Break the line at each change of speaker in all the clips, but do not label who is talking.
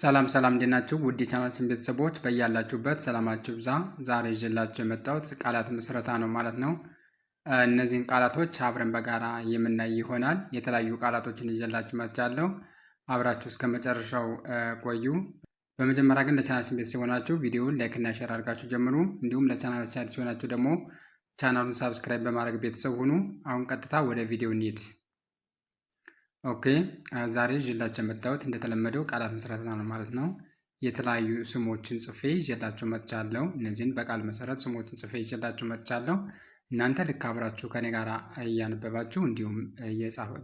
ሰላም ሰላም እንዴት ናችሁ? ውድ የቻናላችን ቤተሰቦች በያላችሁበት ሰላማችሁ ብዛ። ዛሬ ይዤላችሁ የመጣሁት ቃላት ምስረታ ነው ማለት ነው። እነዚህን ቃላቶች አብረን በጋራ የምናይ ይሆናል። የተለያዩ ቃላቶችን ይዤላችሁ መጥቻለሁ። አብራችሁ እስከ መጨረሻው ቆዩ። በመጀመሪያ ግን ለቻናላችን ቤተሰብ ሆናችሁ ቪዲዮውን ላይክና ሼር አድርጋችሁ ጀምሩ። እንዲሁም ለቻናላችን አዲስ ሆናችሁ ደግሞ ቻናሉን ሳብስክራይብ በማድረግ ቤተሰብ ሁኑ። አሁን ቀጥታ ወደ ቪዲዮ እንሂድ። ኦኬ ዛሬ ይዤላችሁ የመጣሁት እንደተለመደው ቃላት መሰረት ነው ማለት ነው። የተለያዩ ስሞችን ጽፌ ይዤላችሁ መጥቻለሁ። እነዚህን በቃል መሰረት ስሞችን ጽፌ ይዤላችሁ መጥቻለሁ። እናንተ ልክ አብራችሁ ከኔ ጋር እያነበባችሁ እንዲሁም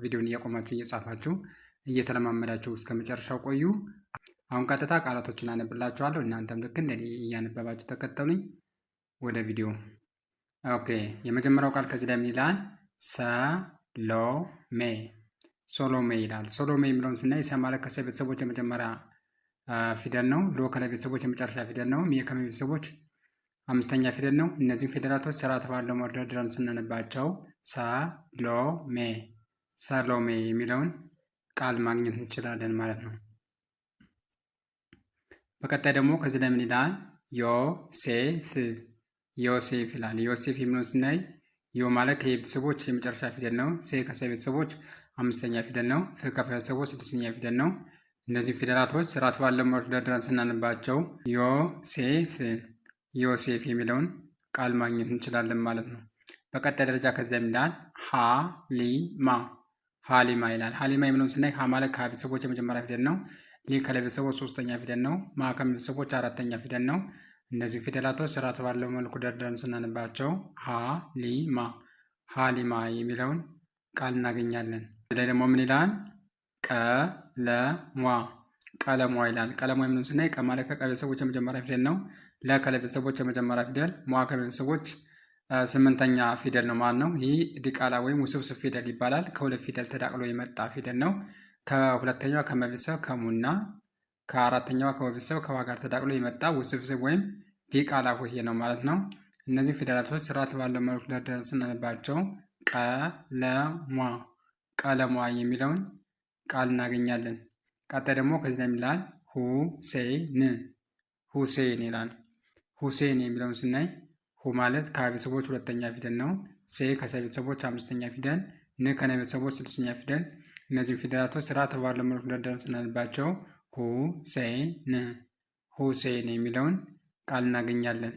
ቪዲዮን እያቆማችሁ እየጻፋችሁ እየተለማመዳችሁ እስከ መጨረሻው ቆዩ። አሁን ቀጥታ ቃላቶችን አነብላችኋለሁ። እናንተም ልክ እንደ እያነበባችሁ ተከተሉኝ። ወደ ቪዲዮ ኦኬ። የመጀመሪያው ቃል ከዚህ ላይ ምን ይላል? ሰሎሜ ሶሎሜ ይላል። ሶሎሜ የሚለውን ስናይ ሰ ማለት ከሰ ቤተሰቦች የመጀመሪያ ፊደል ነው። ሎ ከለ ቤተሰቦች የመጨረሻ ፊደል ነው። ሜ ከመ ቤተሰቦች አምስተኛ ፊደል ነው። እነዚህ ፊደላቶች ስርዓት ባለው መደርደርን ስናነባቸው ሰሎሜ ሰሎሜ የሚለውን ቃል ማግኘት እንችላለን ማለት ነው። በቀጣይ ደግሞ ከዚህ ለምን ይላል ዮሴፍ ዮሴፍ ይላል። ዮሴፍ የሚለውን ስናይ ዮ ማለት ከየቤተሰቦች የመጨረሻ ፊደል ነው። ሴ ከሰ ቤተሰቦች አምስተኛ ፊደል ነው። ፍ ከፈ ቤተሰቦች ስድስተኛ ፊደል ነው። እነዚህ ፊደላቶች ስርዓት ባለው መልኩ ደርድረን ስናነባቸው ዮሴፍ ዮሴፍ የሚለውን ቃል ማግኘት እንችላለን ማለት ነው። በቀጣይ ደረጃ ከዚህ ለሚላል ይላል ሀሊማ ሀሊማ ይላል። ሀሊማ የሚለውን ስናይ ሀ ማለት ከሀ ቤተሰቦች የመጀመሪያ ፊደል ነው። ሊ ከለ ቤተሰቦች ሶስተኛ ፊደል ነው። ማ ከመ ቤተሰቦች አራተኛ ፊደል ነው። እነዚህ ፊደላቶች ስርዓት ባለው መልኩ ደርደርን ስናነባቸው ሀሊማ ሀሊማ የሚለውን ቃል እናገኛለን። እዚህ ደግሞ ምን ይላል? ቀለሟ ቀለሟ ይላል። ቀለሟ የምንሆን ስናይ ቀማለ ማለት የመጀመሪያ ፊደል ነው። ለ ቤተሰቦች የመጀመሪያ ፊደል፣ ሟ ከቤተሰቦች ስምንተኛ ፊደል ነው ማለት ነው። ይህ ዲቃላ ወይም ውስብስብ ፊደል ይባላል። ከሁለት ፊደል ተዳቅሎ የመጣ ፊደል ነው። ከሁለተኛዋ ከመቤተሰብ ከሙና ከአራተኛው አካባቢ ከቤተሰብ ከዋ ጋር ተዳቅሎ የመጣ ውስብስብ ወይም ዲቃላ ሆሄ ነው ማለት ነው። እነዚህ ፊደላቶች ስርዓት ባለው መልኩ ደርደርን ስናነባቸው ቀለሟ ቀለሟ የሚለውን ቃል እናገኛለን። ቀጣይ ደግሞ ከዚህ ላይ የሚላል ሁሴን ሁሴን ይላል። ሁሴን የሚለውን ስናይ ሁ ማለት ከቤተሰቦች ሁለተኛ ፊደል ነው። ሴ ከሰ ቤተሰቦች አምስተኛ ፊደል፣ ን ከነ ቤተሰቦች ስድስተኛ ፊደል። እነዚህ ፊደላቶች ስርዓት ባለው መልኩ ደርደርን ስናነባቸው ሁሴን ሁሴን የሚለውን ቃል እናገኛለን።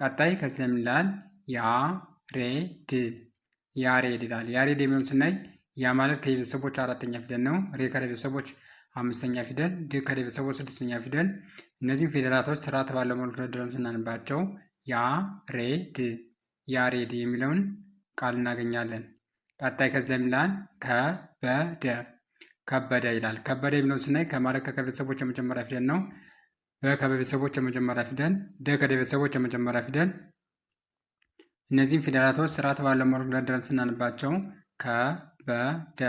ቀጣይ ከዚህ ላይ ምን ይላል? ያሬድ ያሬድ ይላል። ያሬድ የሚለውን ስናይ ያ ማለት ከቤተሰቦች አራተኛ ፊደል ነው። ሬ ከቤተሰቦች አምስተኛ ፊደል፣ ድ ከቤተሰቦች ስድስተኛ ፊደል። እነዚህም ፊደላቶች ስርዓት ባለው መልኩ ደርድረን ስናንባቸው ያሬድ ያሬድ የሚለውን ቃል እናገኛለን። ቀጣይ ከዚህ ላይ ከበደ ከበደ ይላል። ከበደ የሚለውን ስናይ ከማለ ከከቤተሰቦች የመጀመሪያ ፊደል ነው። በከቤተሰቦች የመጀመሪያ ፊደል፣ ደ ከቤተሰቦች የመጀመሪያ ፊደል። እነዚህም ፊደላቶች ስርዓት ባለው መልኩ ደርድረን ስናንባቸው ከበደ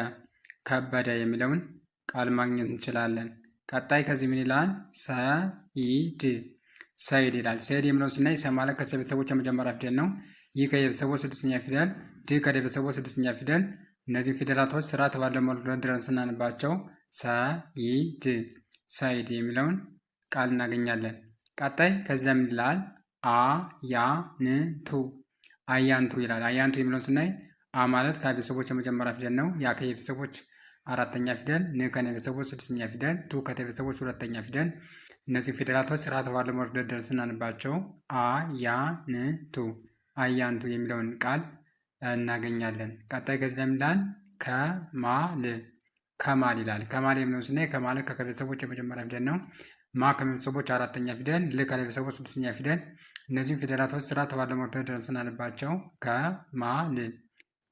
ከበደ የሚለውን ቃል ማግኘት እንችላለን። ቀጣይ ከዚህ ምን ይላል? ሰይድ ሰይድ ይላል። ሰይድ የሚለውን ስናይ ሰ ማለት ከሰ ቤተሰቦች የመጀመሪያ ፊደል ነው። ይህ ከየቤተሰቦች ስድስተኛ ፊደል፣ ድ ከደቤተሰቦች ስድስተኛ ፊደል እነዚህ ፊደላቶች ስርዓት ባለው መልኩ ደርድረን ስናንባቸው ሰይድ ሰይድ የሚለውን ቃል እናገኛለን። ቀጣይ ከዚህ ለምን ይላል? አያንቱ አያንቱ ይላል። አያንቱ የሚለውን ስናይ አ ማለት ከቤተሰቦች የመጀመሪያ ፊደል ነው። ያ ከቤተሰቦች አራተኛ ፊደል፣ ን ቤተሰቦች ስድስተኛ ፊደል፣ ቱ ከቤተሰቦች ሁለተኛ ፊደል። እነዚህ ፊደላቶች ስርዓት ባለው መልኩ ስናንባቸው አያንቱ አያንቱ የሚለውን ቃል እናገኛለን። ቀጣይ ከዚህ ላይ ከማል ከማል ይላል። ከማል የሚለውን ስናይ ከማል ከቤተሰቦች የመጀመሪያ ፊደል ነው። ማ ከቤተሰቦች አራተኛ ፊደል፣ ል ከቤተሰቦች ስድስተኛ ፊደል። እነዚህም ፊደላቶች ስራ ተባለው መርዶ አለባቸው። ከማል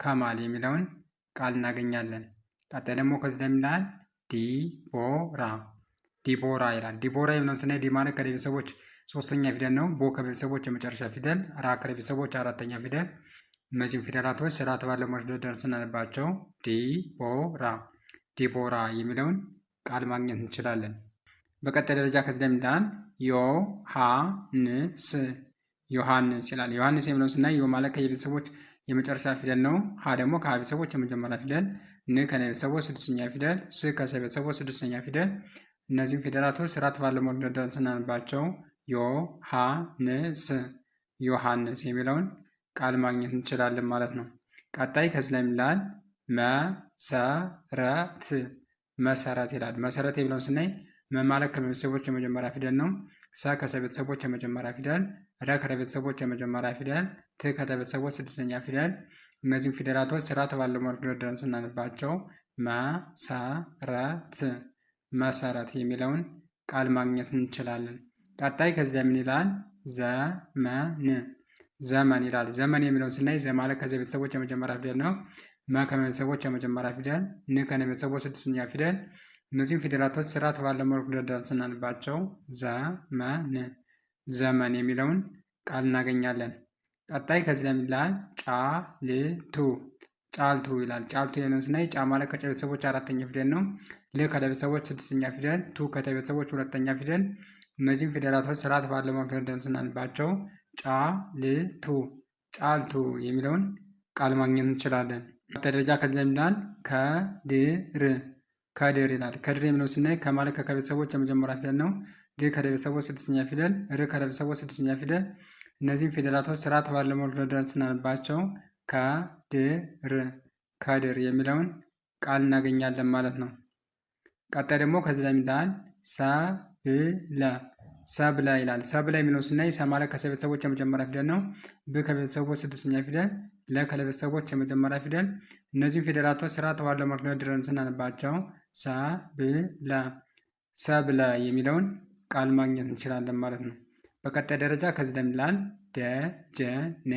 ከማል የሚለውን ቃል እናገኛለን። ቀጣይ ደግሞ ከዚህ ላይ ምን ይላል? ዲቦራ ዲቦራ ይላል። ዲቦራ የሚለውን ስናይ ዲ ማለት ከቤተሰቦች ሶስተኛ ፊደል ነው። ቦ ከቤተሰቦች የመጨረሻ ፊደል፣ ራ ከቤተሰቦች አራተኛ ፊደል እነዚህም ፊደላቶች ስርዓት ባለሙያዎች ደርሰናልባቸው። ዲቦራ ዲቦራ የሚለውን ቃል ማግኘት እንችላለን። በቀጣይ ደረጃ ከዚህ ላይ ዮሃንስ ዮሐንስ ይላል። ዮሐንስ የሚለውን ስናይ ዮ ማለት ከየቤተሰቦች የመጨረሻ ፊደል ነው። ሀ ደግሞ ከሀ ቤተሰቦች የመጀመሪያ ፊደል፣ ን ከነ ቤተሰቦች ስድስተኛ ፊደል፣ ስ ከሰ ቤተሰቦች ስድስተኛ ፊደል። እነዚህም ፊደላቶች ስርዓት ባለው ዮሃንስ ዮሃንስ ዮሐንስ የሚለውን ቃል ማግኘት እንችላለን ማለት ነው። ቀጣይ ከዚህ ላይ የሚላል መሰረት መሰረት ይላል። መሰረት የሚለውን ስናይ መማለክ ከቤተሰቦች የመጀመሪያ ፊደል ነው። ሰ ከሰቤተሰቦች የመጀመሪያ ፊደል፣ ረ ከቤተሰቦች የመጀመሪያ ፊደል፣ ት ከቤተሰቦች ስድስተኛ ፊደል። እነዚህም ፊደላቶች ስራ ተባለ መልኩ ደርድረን ስናነባቸው መሰረት መሰረት የሚለውን ቃል ማግኘት እንችላለን። ቀጣይ ከዚህ ላይ ምን ይላል? ዘመን ዘመን ይላል። ዘመን የሚለውን ስናይ ዘ ማለት ከዘ ቤተሰቦች የመጀመሪያ ፊደል ነው። መ ከቤተሰቦች የመጀመሪያ ፊደል፣ ን ከቤተሰቦች ስድስተኛ ፊደል። እነዚህም ፊደላቶች ስርዓት ባለው መልኩ ደርድረን ስናንባቸው ዘመን ዘመን የሚለውን ቃል እናገኛለን። ቀጣይ ከዚህ ላይ ጫልቱ ጫልቱ ይላል። ጫልቱ የሚለውን ስናይ ጫ ማለት ከጨ ቤተሰቦች አራተኛ ፊደል ነው። ል ከለቤተሰቦች ስድስተኛ ፊደል፣ ቱ ከተቤተሰቦች ሁለተኛ ፊደል። እነዚህም ፊደላቶች ስርዓት ባለው መልኩ ደርድረን ስናንባቸው ጫልቱ ጫልቱ የሚለውን ቃል ማግኘት እንችላለን። ደረጃ ከዚህ ላይ ይላል ከድር ከድር ይላል። ከድር የሚለው ስናይ ከማለ ከከቤተሰቦች የመጀመሪያ ፊደል ነው። ድ ከቤተሰቦች ስድስተኛ ፊደል፣ ር ከቤተሰቦች ስድስተኛ ፊደል። እነዚህም ፊደላቶች ስራ ባለው መልኩ ደርድረን ስናነባቸው ከድር ከድር የሚለውን ቃል እናገኛለን ማለት ነው። ቀጣይ ደግሞ ከዚህ ላይ ይላል ሰብለ ሰብለ ይላል። ሰብለ የሚለው ስናይ ሰማለ ከሰቤተሰቦች የመጀመሪያ ፊደል ነው። ብ ከቤተሰቦች ስድስተኛ ፊደል፣ ለ ከለቤተሰቦች የመጀመሪያ ፊደል። እነዚህም ፊደላቶች ስራ ተዋለው መክነት ድረን ስናነባቸው ሰ ብ ለ ሰብለ የሚለውን ቃል ማግኘት እንችላለን ማለት ነው። በቀጣይ ደረጃ ከዚህ ለሚላል ደጀኔ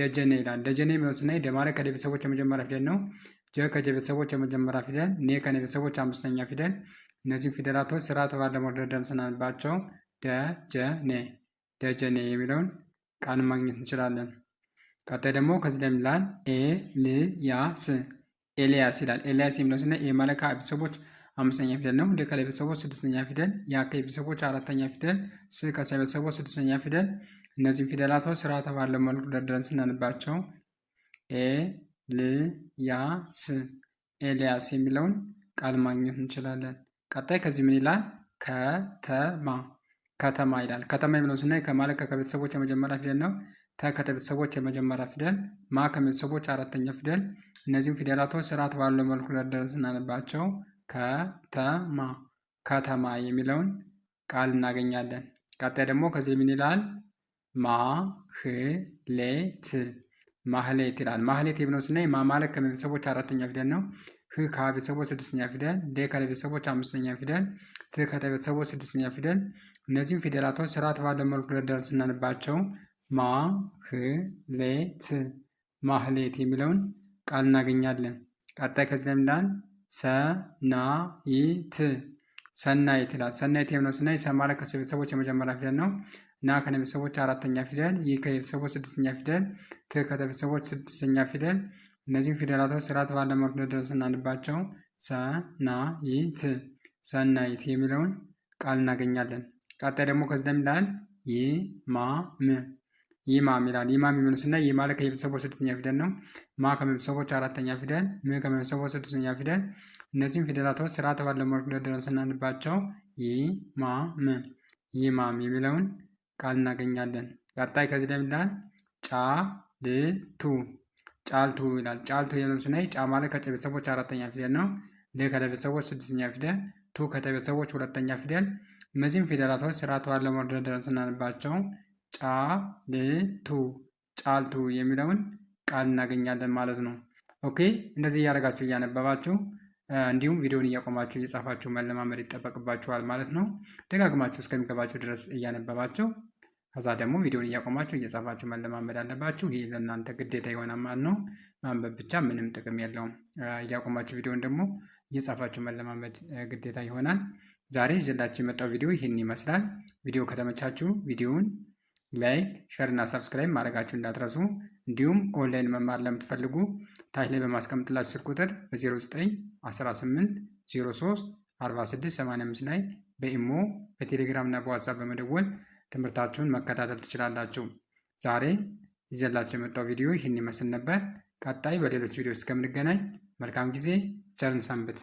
ደጀነ ይላል። ደጀነ የሚለውን ስናይ ደማሪ ከደቤተሰቦች የመጀመሪያ ፊደል ነው። ጀ ከጀቤተሰቦች የመጀመሪያ ፊደል፣ ኔ ከነቤተሰቦች አምስተኛ ፊደል። እነዚህም ፊደላቶች ስርዓተ ባለው መደርደር ስናነባቸው ደጀነ ደጀነ የሚለውን ቃል ማግኘት እንችላለን። ቀጣይ ደግሞ ከዚህ ላይ የሚላል ኤልያስ ኤልያስ ይላል። ኤልያስ የሚለውን ስናይ ኤ ቤተሰቦች አምስተኛ ፊደል ነው። እንደ ከላይ ቤተሰቦች ስድስተኛ ፊደል፣ ያ ቤተሰቦች አራተኛ ፊደል፣ ስ ከሳ ቤተሰቦች ስድስተኛ ፊደል። እነዚህም ፊደላቶች ስርዓተ ባለው መልኩ ደርድረን ስናንባቸው ኤ ል ያ ስ ኤልያስ የሚለውን ቃል ማግኘት እንችላለን። ቀጣይ ከዚህ ምን ይላል? ከተማ ከተማ ይላል። ከተማ የሚለው ስናይ ከማለት ከከቤተሰቦች የመጀመሪያ ፊደል ነው። ተ ከቤተሰቦች የመጀመሪያ ፊደል፣ ማ ከቤተሰቦች አራተኛ ፊደል። እነዚህም ፊደላቶች ስርዓት ባለው መልኩ ደርድረን ስናንባቸው ከተማ ከተማ የሚለውን ቃል እናገኛለን። ቀጣይ ደግሞ ከዚህ ምን ይላል? ማህሌት ማህሌት ይላል። ማህሌት የሚለውን ስናይ ማ ማለት ከቤተሰቦች አራተኛ ፊደል ነው። ህ ከቤተሰቦች ስድስተኛ ፊደል፣ ሌ ከቤተሰቦች አምስተኛ ፊደል፣ ት ከቤተሰቦች ስድስተኛ ፊደል። እነዚህም ፊደላቶች ስርዓት ባለው መልኩ ደርድረን ስናነባቸው ማህሌት ማህሌት የሚለውን ቃል እናገኛለን። ቀጣይ ከዚህ ለምላል ሰናይት ሰናይት ይላል። ሰናይት የምነው ስናይ ሰማረ ከሰ ቤተሰቦች የመጀመሪያ ፊደል ነው ና ከነ ቤተሰቦች አራተኛ ፊደል ይ ከቤተሰቦች ስድስተኛ ፊደል ት ከተ ቤተሰቦች ስድስተኛ ፊደል እነዚህም ፊደላቶች ስርዓት ባለመርዶ ደረስ ድረስ እናንባቸው። ሰናይት ሰናይት የሚለውን ቃል እናገኛለን። ቀጣይ ደግሞ ከዚህ ይላል ይማም ይማም ይላል። ይማም የሚሆን ስናይ ይህ ማለት ከቤተሰቦች ስድስተኛ ፊደል ነው። ማ ከቤተሰቦች አራተኛ ፊደል፣ ም ከቤተሰቦች ስድስተኛ ፊደል። እነዚህም ፊደላቶች ስርዓት ባለው መልኩ ደርድረን ስናነባቸው ይማም ይማም የሚለውን ቃል እናገኛለን። ቀጣይ ከዚህ ላይ ይላል ጫልቱ ጫልቱ ይላል። ጫልቱ የሚለውን ስናይ ጫ ማለት ከጨ ቤተሰቦች አራተኛ ፊደል ነው። ል ከለ ቤተሰቦች ስድስተኛ ፊደል፣ ቱ ከተ ቤተሰቦች ሁለተኛ ፊደል። እነዚህም ፊደላቶች ስርዓት ባለው መልኩ ደርድረን ስናነባቸው ጫልቱ ጫልቱ የሚለውን ቃል እናገኛለን ማለት ነው። ኦኬ እንደዚህ እያደረጋችሁ እያነበባችሁ እንዲሁም ቪዲዮውን እያቆማችሁ እየጻፋችሁ መለማመድ ይጠበቅባችኋል ማለት ነው። ደጋግማችሁ እስከሚገባችሁ ድረስ እያነበባችሁ ከዛ ደግሞ ቪዲዮውን እያቆማችሁ እየጻፋችሁ መለማመድ አለባችሁ። ይህ ለእናንተ ግዴታ የሆነ ማለት ነው። ማንበብ ብቻ ምንም ጥቅም የለውም። እያቆማችሁ ቪዲዮውን ደግሞ እየጻፋችሁ መለማመድ ግዴታ ይሆናል። ዛሬ ይዤላችሁ የመጣው ቪዲዮ ይህን ይመስላል። ቪዲዮ ከተመቻችሁ ቪዲዮውን ላይክ፣ ሸር እና ሰብስክራይብ ማድረጋችሁ እንዳትረሱ። እንዲሁም ኦንላይን መማር ለምትፈልጉ ታች ላይ በማስቀምጥላችሁ ስልክ ቁጥር በ0918 03 4685 ላይ በኢሞ በቴሌግራም እና በዋትሳፕ በመደወል ትምህርታችሁን መከታተል ትችላላችሁ። ዛሬ ይዘላችሁ የመጣው ቪዲዮ ይህን ይመስል ነበር። ቀጣይ በሌሎች ቪዲዮ እስከምንገናኝ መልካም ጊዜ፣ ቸርን ሰንብት።